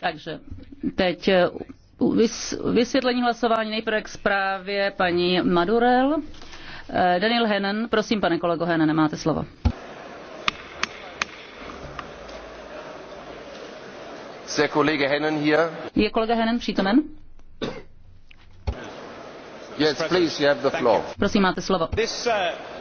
Takže teď eh, vysvětlení hlasování nejprve k zprávě paní Madurel. Eh, Daniel Henen, prosím, pane kolego Henen, máte slovo. Der Kollege Hennen hier. Je kolega Henen přítomen? Yes, please, you have the floor. Prosím, máte slovo. This, uh...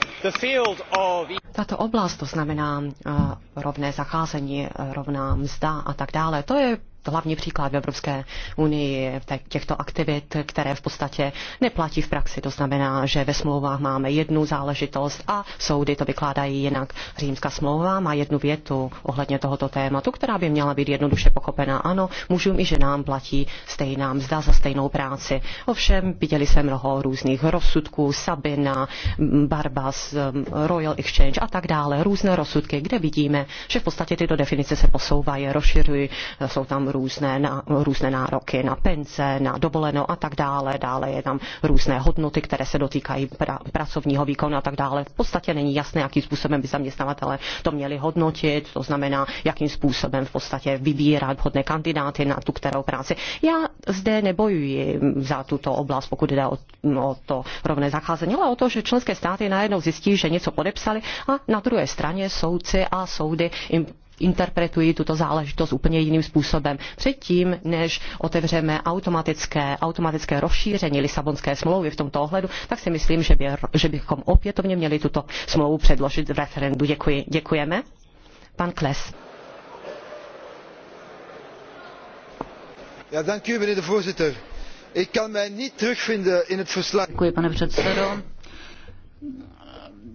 Tato oblast, to znamená eh, rovné zacházení, eh, rovná mzda a tak dále, to je hlavní příklad v Evropské unii těchto aktivit, které v podstatě neplatí v praxi. To znamená, že ve smlouvách máme jednu záležitost a soudy to vykládají jinak. Římská smlouva má jednu větu ohledně tohoto tématu, která by měla být jednoduše pochopená. Ano, mužům i ženám platí stejná mzda za stejnou práci. Ovšem, viděli jsme mnoho různých rozsudků, Sabina, Barbas, um, Royal Exchange a tak dále, různé rozsudky, kde vidíme, že v podstatě tyto definice se posouvají, rozšiřují, jsou tam různé různé, na, různé nároky na pence, na dovolenou a tak dále. Dále je tam různé hodnoty, které se dotýkají pra, pracovního výkonu a tak dále. V podstatě není jasné, jakým způsobem by zaměstnavatele to měli hodnotit, to znamená, jakým způsobem v podstatě vybírat vhodné kandidáty na tu kterou práci. Já zde nebojuji za tuto oblast, pokud jde o, o to rovné zacházení, ale o to, že členské státy najednou zjistí, že něco podepsali a na druhé straně soudci a soudy jim interpretují tuto záležitost úplně jiným způsobem. Předtím, než otevřeme automatické, automatické rozšíření Lisabonské smlouvy v tomto ohledu, tak si myslím, že, by, že bychom opětovně měli tuto smlouvu předložit v referendu. Děkuji. Děkujeme. Pan Kles. Ja, dank meneer de voorzitter. Ik kan mij niet terugvinden in het verslag. Děkuji, pane předsedo.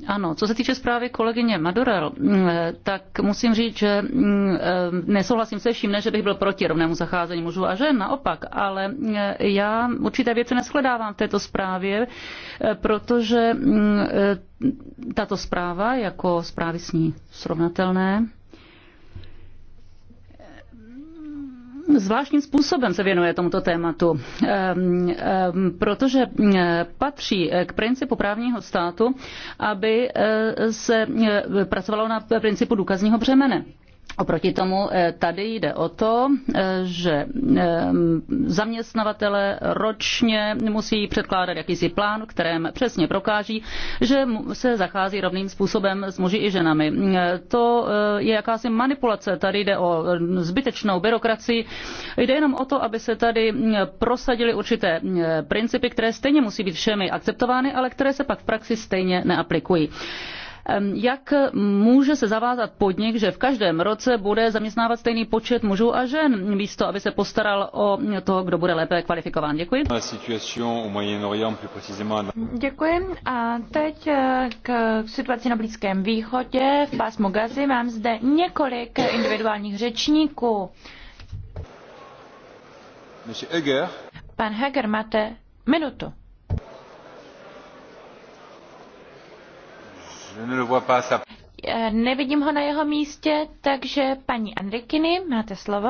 Ano, co se týče zprávy kolegyně Madurel, mm, tak musím říct, že mm, e, nesouhlasím se vším, ne, že bych byl proti rovnému zacházení mužů a žen, naopak, ale mm, e, já určité věci neschledávám v této zprávě, e, protože tato zpráva jako zprávy s ní srovnatelné zvláštním způsobem se věnuje tomuto tématu, ehm, ehm, protože eh, patří eh, k principu právního státu, aby eh, se pracovalo na principu důkazního břemene. Oproti tomu eh, tady jde o to, eh, že eh, zaměstnavatele ročně musí předkládat jakýsi plán, kterém přesně prokáží, že se zachází rovným způsobem s muži i ženami. To je jakási manipulace, tady jde o zbytečnou byrokracii. Jde jenom o to, aby se tady prosadili určité principy, které stejně musí být všemi akceptovány, ale které se pak v praxi stejně neaplikují jak může se zavázat podnik, že v každém roce bude zaměstnávat stejný počet mužů a žen, místo aby se postaral o toho, kdo bude lépe kvalifikován. Děkuji. Děkuji. A teď eh, k situaci na Blízkém východě. V pásmu Gazy mám zde několik individuálních řečníků. Pan Heger, máte minutu. Eh, nevidím ho na jeho místě, takže paní Andrikiny, máte slovo.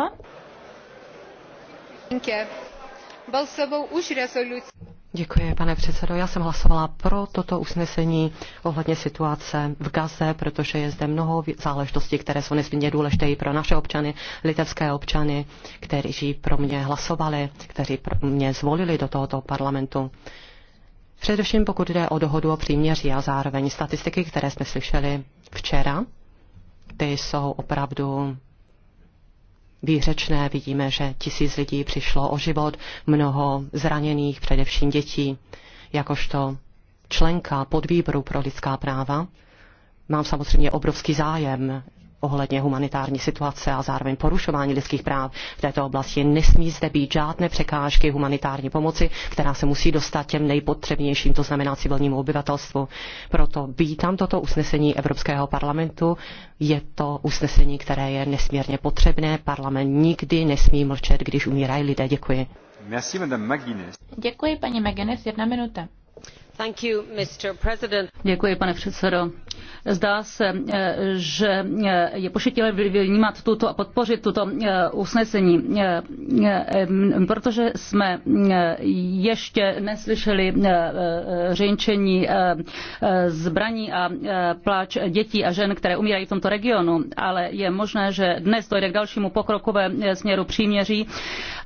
Děkuji, pane předsedo. Já jsem hlasovala pro toto usnesení ohledně situace v Gaze, protože je zde mnoho záležitostí, které jsou nesmírně důležité i pro naše občany, litevské občany, kteří pro mě hlasovali, kteří pro mě zvolili do tohoto parlamentu. Především pokud jde o dohodu o příměří a zároveň statistiky, které jsme slyšeli včera, ty jsou opravdu výřečné. Vidíme, že tisíc lidí přišlo o život, mnoho zraněných, především dětí. Jakožto členka podvýboru pro lidská práva mám samozřejmě obrovský zájem ohledně humanitární situace a zároveň porušování lidských práv v této oblasti. Nesmí zde být žádné překážky humanitární pomoci, která se musí dostat těm nejpotřebnějším, to znamená civilnímu obyvatelstvu. Proto vítám toto usnesení Evropského parlamentu. Je to usnesení, které je nesmírně potřebné. Parlament nikdy nesmí mlčet, když umírají lidé. Děkuji. Merci, Děkuji, paní McGuinness. Jedna minuta. Thank You, Mr. Děkuji, pane předsedo. Zdá se, eh, že eh, je pošetilé vnímat tuto a podpořit tuto eh, usnesení, mm, protože jsme ještě neslyšeli řinčení zbraní a pláč dětí a žen, které umírají v tomto regionu, ale je možné, že dnes dojde k dalšímu ve směru příměří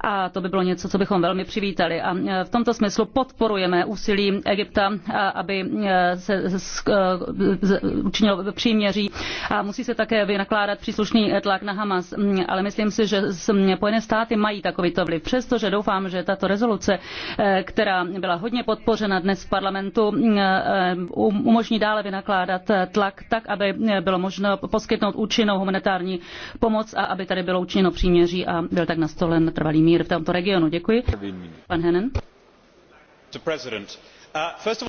a to by bylo něco, co bychom velmi přivítali. A v tomto smyslu podporujeme úsilí Egypta, aby se učinilo příměří a musí se také vynakládat příslušný tlak na Hamas. Mm, Ale myslím si, že mm, Spojené státy mají takovýto vliv. Přestože doufám, že tato rezoluce, eh, která byla hodně podpořena dnes v parlamentu, mm, eh, um, umožní dále vynakládat eh, tlak tak, aby bylo možno poskytnout účinnou humanitární pomoc a aby tady bylo učiněno příměří a byl tak nastolen trvalý mír v tomto regionu. Děkuji. Pan Henen.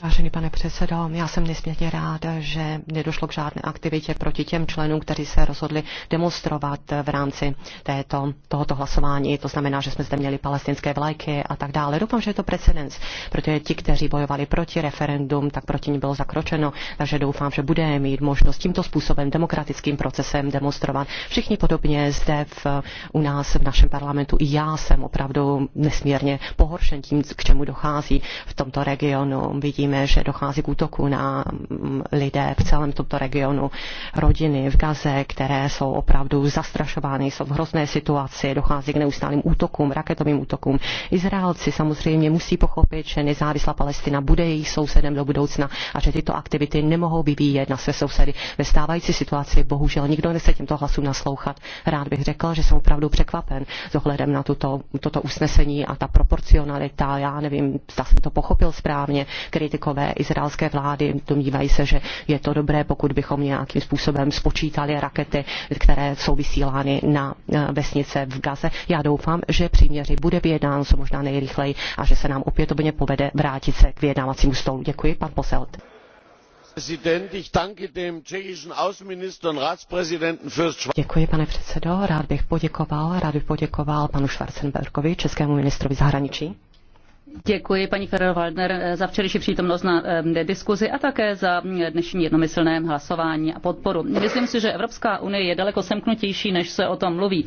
Vážený pane předsedo, já jsem nesmírně rád, že nedošlo k žádné aktivitě proti těm členům, kteří se rozhodli demonstrovat v rámci této, tohoto hlasování. To znamená, že jsme zde měli palestinské vlajky a tak dále. Doufám, že je to precedens, protože ti, kteří bojovali proti referendum, tak proti ní bylo zakročeno, takže doufám, že budeme mít možnost tímto způsobem, demokratickým procesem demonstrovat. Všichni podobně zde v, u nás v našem parlamentu i já jsem opravdu nesmírně pohoršen tím, k čemu dochází v tomto regionu Vidíme, že dochází k útoku na mm, lidé v celém tomto regionu, rodiny v Gaze, které jsou opravdu zastrašovány, jsou v hrozné situaci, dochází k neustálým útokům, raketovým útokům. Izraelci samozřejmě musí pochopit, že nezávislá Palestina bude jejich sousedem do budoucna a že tyto aktivity nemohou vyvíjet na své sousedy. Ve stávající situaci bohužel nikdo nechce těmto hlasům naslouchat. Rád bych řekl, že jsem opravdu překvapen s ohledem na tuto, toto usnesení a ta proporcionalita. Já nevím, zda jsem to pochopil správně samozřejmě kritikové izraelské vlády. Domnívají se, že je to dobré, pokud bychom nějakým způsobem spočítali rakety, které jsou vysílány na eh, vesnice v Gaze. Já doufám, že příměři bude vyjednáno co možná nejrychleji a že se nám opětovně povede vrátit se k vyjednávacímu stolu. Děkuji, pan Poselt děkuji pane předsedo rád bych poděkoval rád bych poděkoval panu schwarzenbergovi českému ministrovi zahraničí Děkuji paní Ferrer Waldner za včerejší přítomnost na diskuzi a také za dnešní jednomyslné hlasování a podporu. Myslím si, že Evropská unie je daleko semknutější, než se o tom mluví.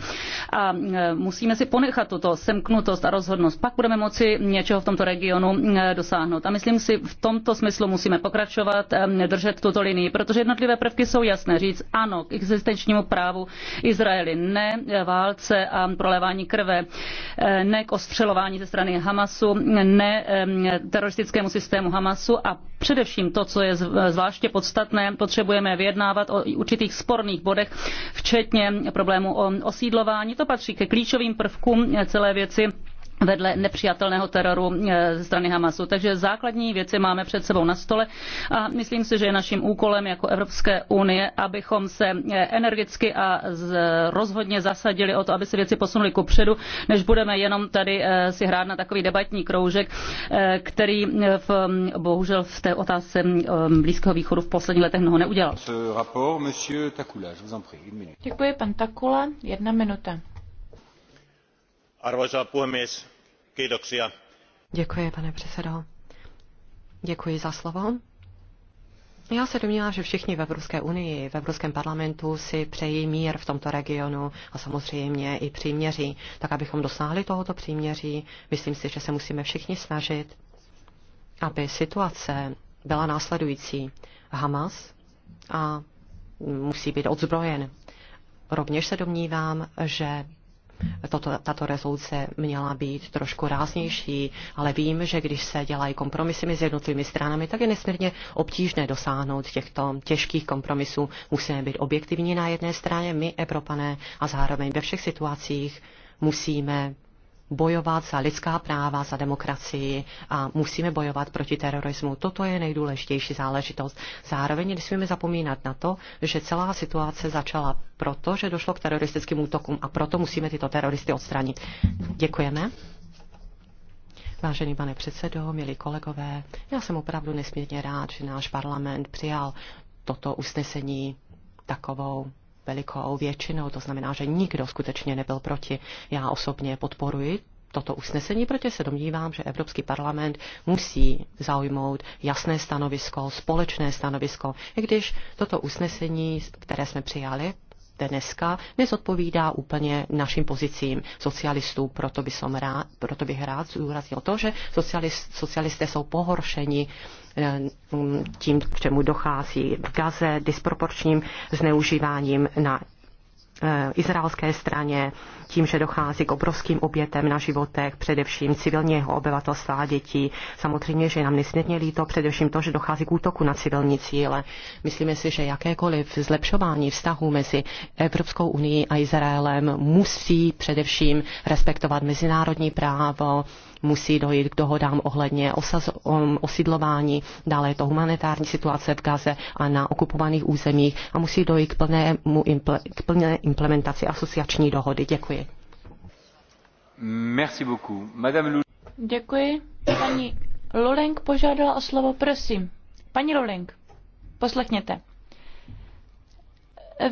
A musíme si ponechat tuto semknutost a rozhodnost. Pak budeme moci něčeho v tomto regionu dosáhnout. A myslím si, v tomto smyslu musíme pokračovat, držet tuto linii, protože jednotlivé prvky jsou jasné. Říct ano k existenčnímu právu Izraeli, ne válce a prolevání krve, e, ne k ostřelování ze strany Hamasu, ne teroristickému systému Hamasu a především to, co je zvláště podstatné, potřebujeme vyjednávat o určitých sporných bodech, včetně problému o osídlování. To patří ke klíčovým prvkům celé věci vedle nepřijatelného teroru eh, ze strany Hamasu. Takže základní věci máme před sebou na stole a myslím si, že je naším úkolem jako Evropské unie, abychom se eh, energicky a rozhodně zasadili o to, aby se věci posunuly kupředu, než budeme jenom tady eh, si hrát na takový debatní kroužek, který v, mm, bohužel v té otázce mm, Blízkého východu v posledních letech mnoho neudělal. Děkuji, pan Takula. Jedna minuta arvoisa puhemies kiitoksia. Děkuji, pane předsedo. Děkuji za slovo. Já se domnívám, že všichni v Evropské unii, v Evropském parlamentu si přejí mír v tomto regionu a samozřejmě i příměří. Tak abychom dosáhli tohoto příměří, myslím si, že se musíme všichni snažit, aby situace byla následující. Hamas a musí být odzbrojen. Rovněž se domnívám, že toto, tato rezoluce měla být trošku ráznější, ale vím, že když se dělají kompromisy mezi jednotlivými stranami, tak je nesmírně obtížné dosáhnout těchto těžkých kompromisů. Musíme být objektivní na jedné straně, my, Evropané, a zároveň ve všech situacích musíme bojovat za lidská práva, za demokracii a musíme bojovat proti terorismu. Toto je nejdůležitější záležitost. Zároveň nesmíme zapomínat na to, že celá situace začala proto, že došlo k teroristickým útokům a proto musíme tyto teroristy odstranit. Děkujeme. Vážený pane předsedo, milí kolegové, já jsem opravdu nesmírně rád, že náš parlament přijal toto usnesení takovou velikou většinou, to znamená, že nikdo skutečně nebyl proti. Já osobně podporuji toto usnesení, protože se domnívám, že Evropský parlament musí zaujmout jasné stanovisko, společné stanovisko, i když toto usnesení, které jsme přijali dneska nezodpovídá úplně našim pozicím socialistů. Proto, by som rád, proto bych rád zúraznil to, že socialist, socialisté jsou pohoršeni eh, mm, tím, k čemu dochází v Gaze, disproporčním zneužíváním na Eh, izraelské straně, tím, že dochází k obrovským obětem na životech, především civilního obyvatelstva a dětí. Samozřejmě, že nám nesmírně líto, především to, že dochází k útoku na civilní cíle. Myslíme si, že jakékoliv zlepšování vztahů mezi Evropskou unii a Izraelem musí především respektovat mezinárodní právo, musí dojít k dohodám ohledně osaz, um, osidlování, dále je to humanitární situace v Gaze a na okupovaných územích a musí dojít k, plnému, k plné implementaci asociační dohody. Děkuji. Merci beaucoup. Madame Lu... Děkuji. Paní Luleng požádala o slovo, prosím. Paní Luleng, poslechněte.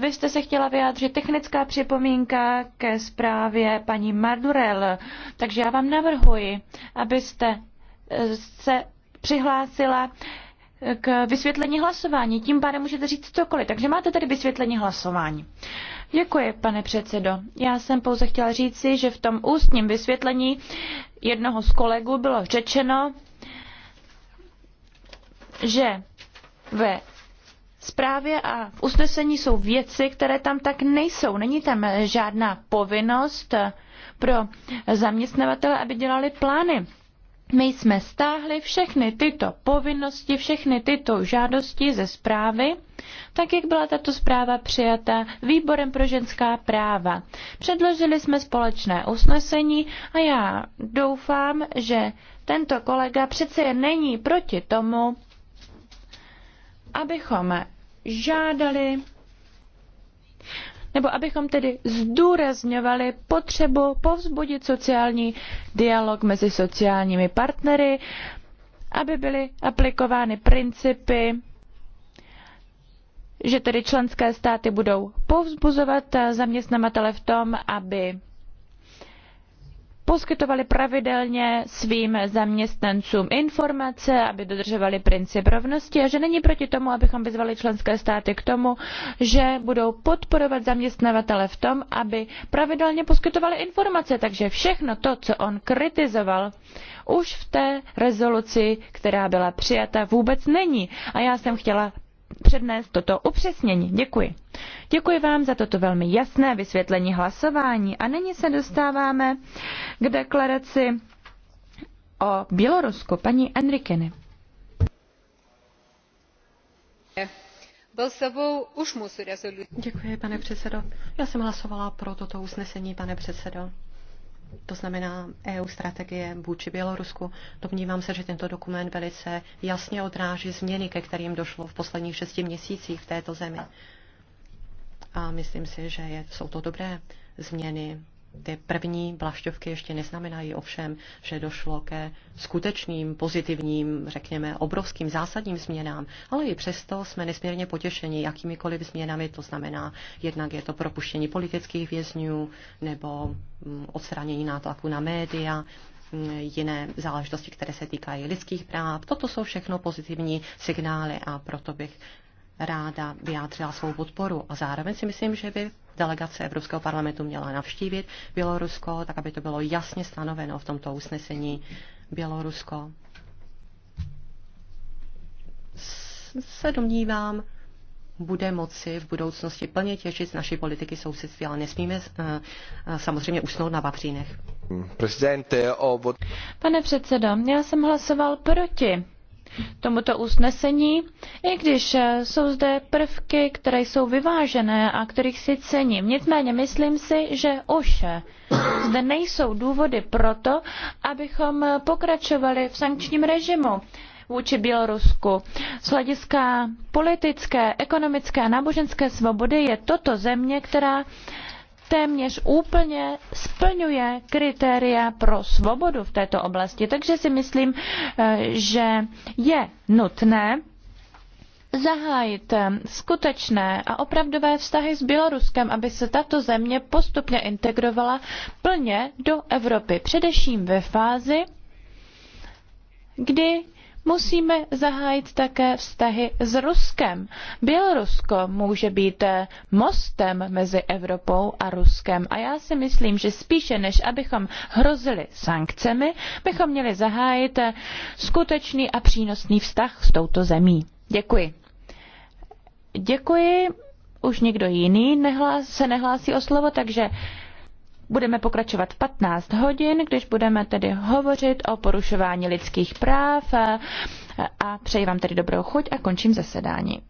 Vy jste se chtěla vyjádřit technická připomínka ke zprávě paní Mardurel, takže já vám navrhuji, abyste se přihlásila k vysvětlení hlasování. Tím pádem můžete říct cokoliv. Takže máte tady vysvětlení hlasování. Děkuji, pane předsedo. Já jsem pouze chtěla říci, že v tom ústním vysvětlení jednoho z kolegů bylo řečeno, že ve zprávě a v usnesení jsou věci, které tam tak nejsou. Není tam žádná povinnost pro zaměstnavatele, aby dělali plány my jsme stáhli všechny tyto povinnosti, všechny tyto žádosti ze zprávy, tak jak byla tato zpráva přijata Výborem pro ženská práva. Předložili jsme společné usnesení a já doufám, že tento kolega přece není proti tomu, abychom žádali nebo abychom tedy zdůrazňovali potřebu povzbudit sociální dialog mezi sociálními partnery, aby byly aplikovány principy, že tedy členské státy budou povzbuzovat zaměstnavatele v tom, aby poskytovali pravidelně svým zaměstnancům informace aby dodržovali princip rovnosti a že není proti tomu abychom vyzvali členské státy k tomu že budou podporovat zaměstnavatele v tom aby pravidelně poskytovali informace takže všechno to co on kritizoval už v té rezoluci která byla přijata vůbec není a já jsem chtěla přednést toto upřesnění. Děkuji. Děkuji vám za toto velmi jasné vysvětlení hlasování. A nyní se dostáváme k deklaraci o Bělorusku paní Enrikeny. Děkuji, pane předsedo. Já jsem hlasovala pro toto usnesení, pane předsedo to znamená EU strategie vůči Bělorusku. Domnívám se, že tento dokument velice jasně odráží změny, ke kterým došlo v posledních šesti měsících v této zemi. A myslím si, že je, jsou to dobré změny ty první vlašťovky ještě neznamenají ovšem, že došlo ke skutečným, pozitivním, řekněme, obrovským zásadním změnám, ale i přesto jsme nesmírně potěšeni jakýmikoliv změnami, to znamená, jednak je to propuštění politických vězňů nebo mm, odstranění nátlaku na média, mm, jiné záležitosti, které se týkají lidských práv. Toto jsou všechno pozitivní signály a proto bych ráda vyjádřila svou podporu. A zároveň si myslím, že by delegace Evropského parlamentu měla navštívit Bělorusko, tak aby to bylo jasně stanoveno v tomto usnesení Bělorusko. Se domnívám, bude moci v budoucnosti plně těžit z naší politiky sousedství, ale nesmíme eh, eh, samozřejmě usnout na vavřínech. Pane předsedo, já jsem hlasoval proti tomuto usnesení, i když eh, jsou zde prvky, které jsou vyvážené a kterých si cením. Nicméně myslím si, že už eh, zde nejsou důvody pro to, abychom eh, pokračovali v sankčním režimu vůči Bělorusku. Z hlediska politické, ekonomické a náboženské svobody je toto země, která téměř úplně splňuje kritéria pro svobodu v této oblasti. Takže si myslím, eh, že je nutné zahájit eh, skutečné a opravdové vztahy s Běloruskem, aby se tato země postupně integrovala plně do Evropy, především ve fázi, kdy musíme zahájit také vztahy s Ruskem. Bělorusko může být eh, mostem mezi Evropou a Ruskem a já si myslím, že spíše než abychom hrozili sankcemi, bychom měli zahájit eh, skutečný a přínosný vztah s touto zemí. Děkuji. Děkuji. Už někdo jiný nehlás, se nehlásí o slovo, takže Budeme pokračovat 15 hodin, když budeme tedy hovořit o porušování lidských práv a přeji vám tedy dobrou chuť a končím zasedání.